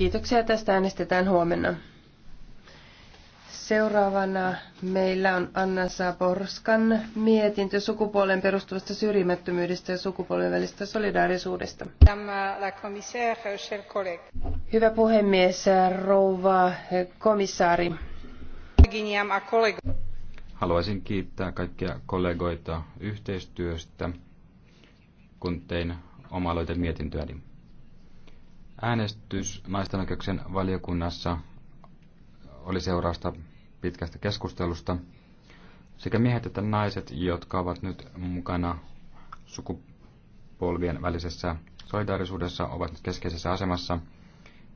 Kiitoksia. Tästä äänestetään huomenna. Seuraavana meillä on Anna Saborskan mietintö sukupuolen perustuvasta syrjimättömyydestä ja sukupuolen välistä solidaarisuudesta. Hyvä puhemies, rouva komissaari. Haluaisin kiittää kaikkia kollegoita yhteistyöstä, kun tein oma mietintöäni. Äänestys naisten oikeuksien valiokunnassa oli seurausta pitkästä keskustelusta. Sekä miehet että naiset, jotka ovat nyt mukana sukupolvien välisessä solidaarisuudessa, ovat nyt keskeisessä asemassa.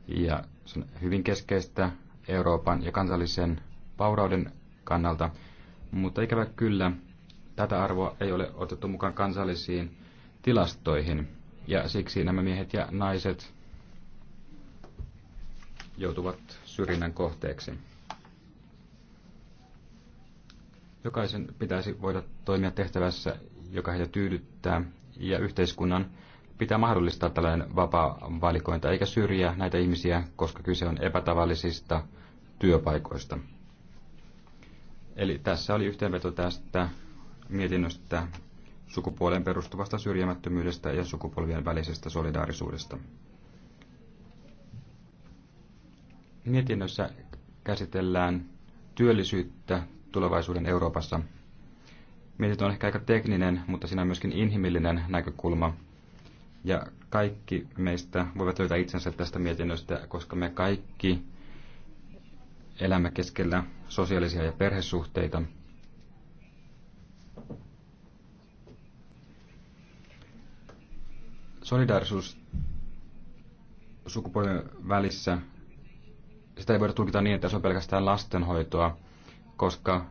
Ja se on hyvin keskeistä Euroopan ja kansallisen vaurauden kannalta. Mutta ikävä kyllä, tätä arvoa ei ole otettu mukaan kansallisiin tilastoihin. Ja siksi nämä miehet ja naiset joutuvat syrjinnän kohteeksi. Jokaisen pitäisi voida toimia tehtävässä, joka heitä tyydyttää, ja yhteiskunnan pitää mahdollistaa tällainen vapaa valikointa, eikä syrjiä näitä ihmisiä, koska kyse on epätavallisista työpaikoista. Eli tässä oli yhteenveto tästä mietinnöstä sukupuoleen perustuvasta syrjimättömyydestä ja sukupolvien välisestä solidaarisuudesta. Mietinnössä käsitellään työllisyyttä tulevaisuuden Euroopassa. Mietintö on ehkä aika tekninen, mutta siinä on myöskin inhimillinen näkökulma. Ja kaikki meistä voivat löytää itsensä tästä mietinnöstä, koska me kaikki elämme keskellä sosiaalisia ja perhesuhteita. Solidaarisuus sukupolven välissä sitä ei voida tulkita niin, että se on pelkästään lastenhoitoa, koska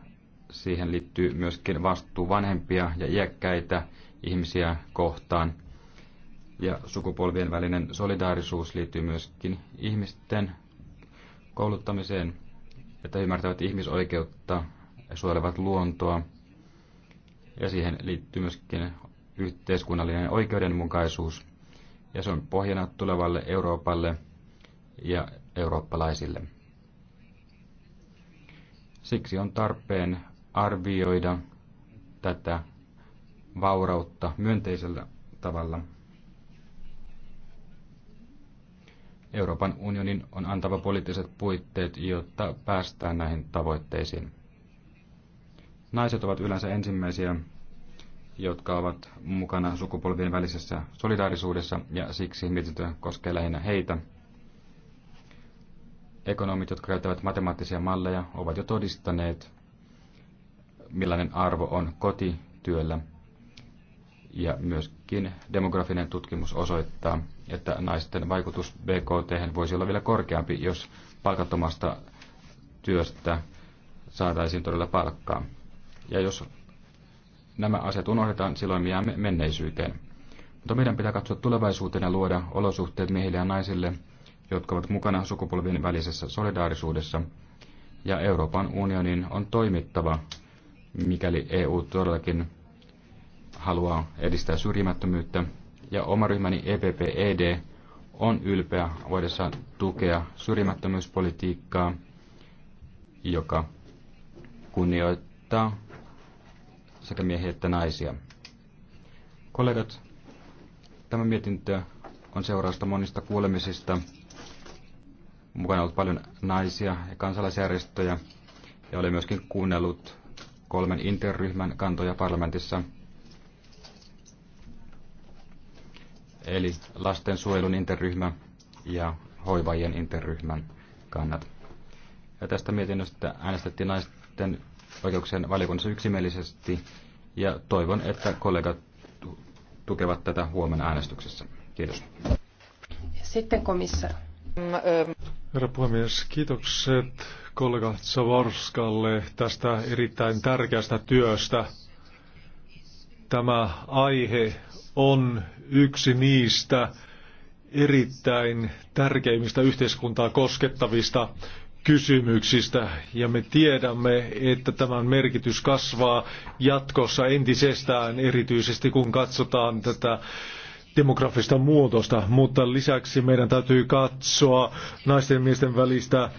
siihen liittyy myöskin vastuu vanhempia ja iäkkäitä ihmisiä kohtaan. Ja sukupolvien välinen solidaarisuus liittyy myöskin ihmisten kouluttamiseen, että ymmärtävät ihmisoikeutta ja suojelevat luontoa. Ja siihen liittyy myöskin yhteiskunnallinen oikeudenmukaisuus. Ja se on pohjana tulevalle Euroopalle ja eurooppalaisille. Siksi on tarpeen arvioida tätä vaurautta myönteisellä tavalla. Euroopan unionin on antava poliittiset puitteet, jotta päästään näihin tavoitteisiin. Naiset ovat yleensä ensimmäisiä, jotka ovat mukana sukupolvien välisessä solidaarisuudessa, ja siksi mietintö koskee lähinnä heitä – Ekonomit, jotka käyttävät matemaattisia malleja, ovat jo todistaneet, millainen arvo on kotityöllä. Ja myöskin demografinen tutkimus osoittaa, että naisten vaikutus BKT voisi olla vielä korkeampi, jos palkattomasta työstä saataisiin todella palkkaa. Ja jos nämä asiat unohdetaan, silloin me jäämme menneisyyteen. Mutta meidän pitää katsoa tulevaisuuteen ja luoda olosuhteet miehille ja naisille, jotka ovat mukana sukupolvien välisessä solidaarisuudessa, ja Euroopan unionin on toimittava, mikäli EU todellakin haluaa edistää syrjimättömyyttä, ja oma ryhmäni EPPED on ylpeä voidessaan tukea syrjimättömyyspolitiikkaa, joka kunnioittaa sekä miehiä että naisia. Kollegat, tämä mietintö on seurausta monista kuulemisista mukana ollut paljon naisia ja kansalaisjärjestöjä ja olen myöskin kuunnellut kolmen interryhmän kantoja parlamentissa. Eli lastensuojelun interryhmä ja hoivajien interryhmän kannat. Ja tästä mietinnöstä äänestettiin naisten oikeuksien valiokunnassa yksimielisesti ja toivon, että kollegat tukevat tätä huomenna äänestyksessä. Kiitos. Sitten komissa. Mm, Herra puhemies, kiitokset kollega Zavorskalle tästä erittäin tärkeästä työstä. Tämä aihe on yksi niistä erittäin tärkeimmistä yhteiskuntaa koskettavista kysymyksistä ja me tiedämme, että tämän merkitys kasvaa jatkossa entisestään, erityisesti kun katsotaan tätä demografista muutosta, mutta lisäksi meidän täytyy katsoa naisten ja miesten välistä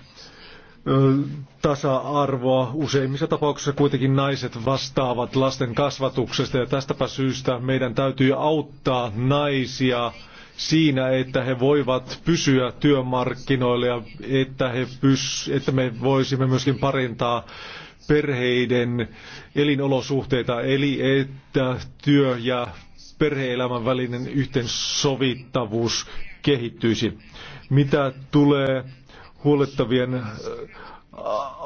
tasa-arvoa. Useimmissa tapauksissa kuitenkin naiset vastaavat lasten kasvatuksesta ja tästäpä syystä meidän täytyy auttaa naisia siinä, että he voivat pysyä työmarkkinoilla ja että, he pys, että me voisimme myöskin parintaa perheiden elinolosuhteita, eli että työ ja perheelämän välinen yhteensovittavuus kehittyisi. Mitä tulee huolettavien äh,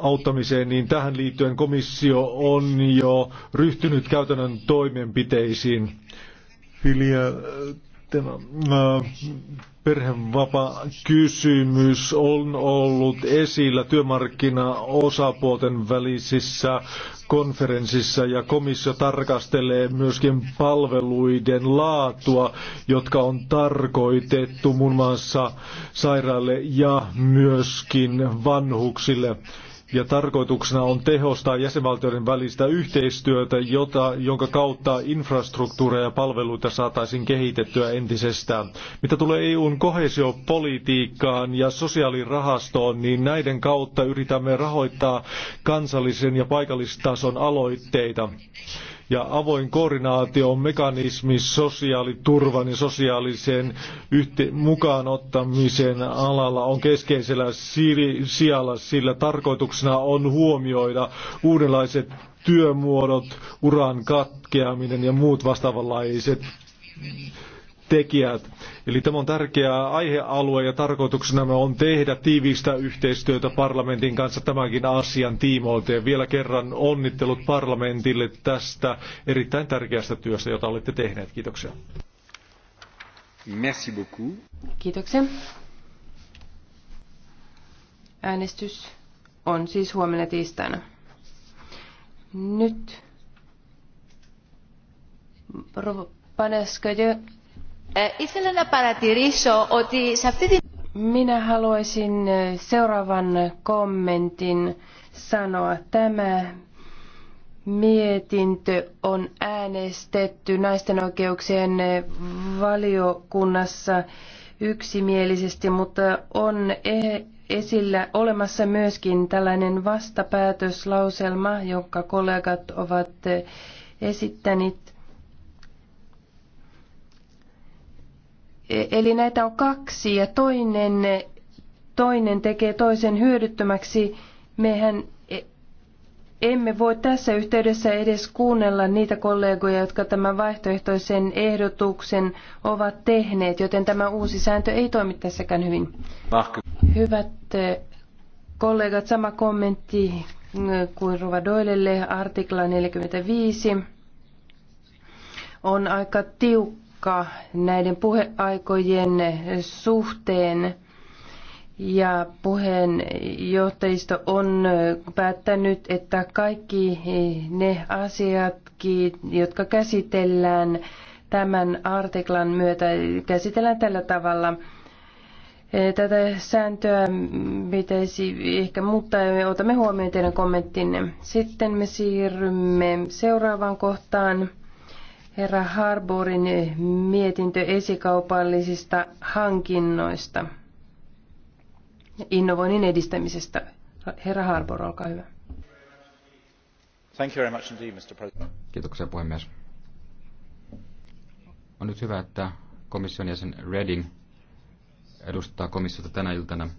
auttamiseen, niin tähän liittyen komissio on jo ryhtynyt käytännön toimenpiteisiin. Filia sitten äh, perhevapa-kysymys on ollut esillä työmarkkinaosapuolten välisissä konferenssissa ja komissio tarkastelee myöskin palveluiden laatua, jotka on tarkoitettu muun muassa sairaille ja myöskin vanhuksille ja tarkoituksena on tehostaa jäsenvaltioiden välistä yhteistyötä, jota, jonka kautta infrastruktuureja ja palveluita saataisiin kehitettyä entisestään. Mitä tulee EUn kohesiopolitiikkaan ja sosiaalirahastoon, niin näiden kautta yritämme rahoittaa kansallisen ja paikallistason aloitteita ja avoin koordinaatio on mekanismi sosiaaliturvan ja sosiaalisen yhte- mukaanottamisen alalla on keskeisellä sijalla, sillä tarkoituksena on huomioida uudenlaiset työmuodot, uran katkeaminen ja muut vastaavanlaiset tekijät. Eli tämä on tärkeä aihealue ja tarkoituksena on tehdä tiivistä yhteistyötä parlamentin kanssa tämänkin asian tiimoilta. Ja vielä kerran onnittelut parlamentille tästä erittäin tärkeästä työstä, jota olette tehneet. Kiitoksia. Merci beaucoup. Kiitoksia. Äänestys on siis huomenna tiistaina. Nyt Paneskaja minä haluaisin seuraavan kommentin sanoa. Tämä mietintö on äänestetty naisten oikeuksien valiokunnassa yksimielisesti, mutta on e, esillä olemassa myöskin tällainen vastapäätöslauselma, jonka kollegat ovat e, esittäneet. E, eli näitä on kaksi ja toinen, toinen tekee toisen hyödyttömäksi. Mehän e, emme voi tässä yhteydessä edes kuunnella niitä kollegoja, jotka tämän vaihtoehtoisen ehdotuksen ovat tehneet, joten tämä uusi sääntö ei toimi tässäkään hyvin. Hyvät e, kollegat, sama kommentti mm, kuin Doylelle artikla 45 on aika tiukka tiukka näiden puheaikojen suhteen. Ja puheenjohtajisto on päättänyt, että kaikki ne asiatkin, jotka käsitellään tämän artiklan myötä, käsitellään tällä tavalla. Tätä sääntöä pitäisi ehkä muuttaa ja me otamme huomioon teidän kommenttinne. Sitten me siirrymme seuraavaan kohtaan herra Harborin mietintö esikaupallisista hankinnoista ja innovoinnin edistämisestä. Herra Harbor, olkaa hyvä. Thank you very much indeed, Mr. President. Kiitoksia puhemies. On nyt hyvä, että komission jäsen Reding edustaa komissiota tänä iltana,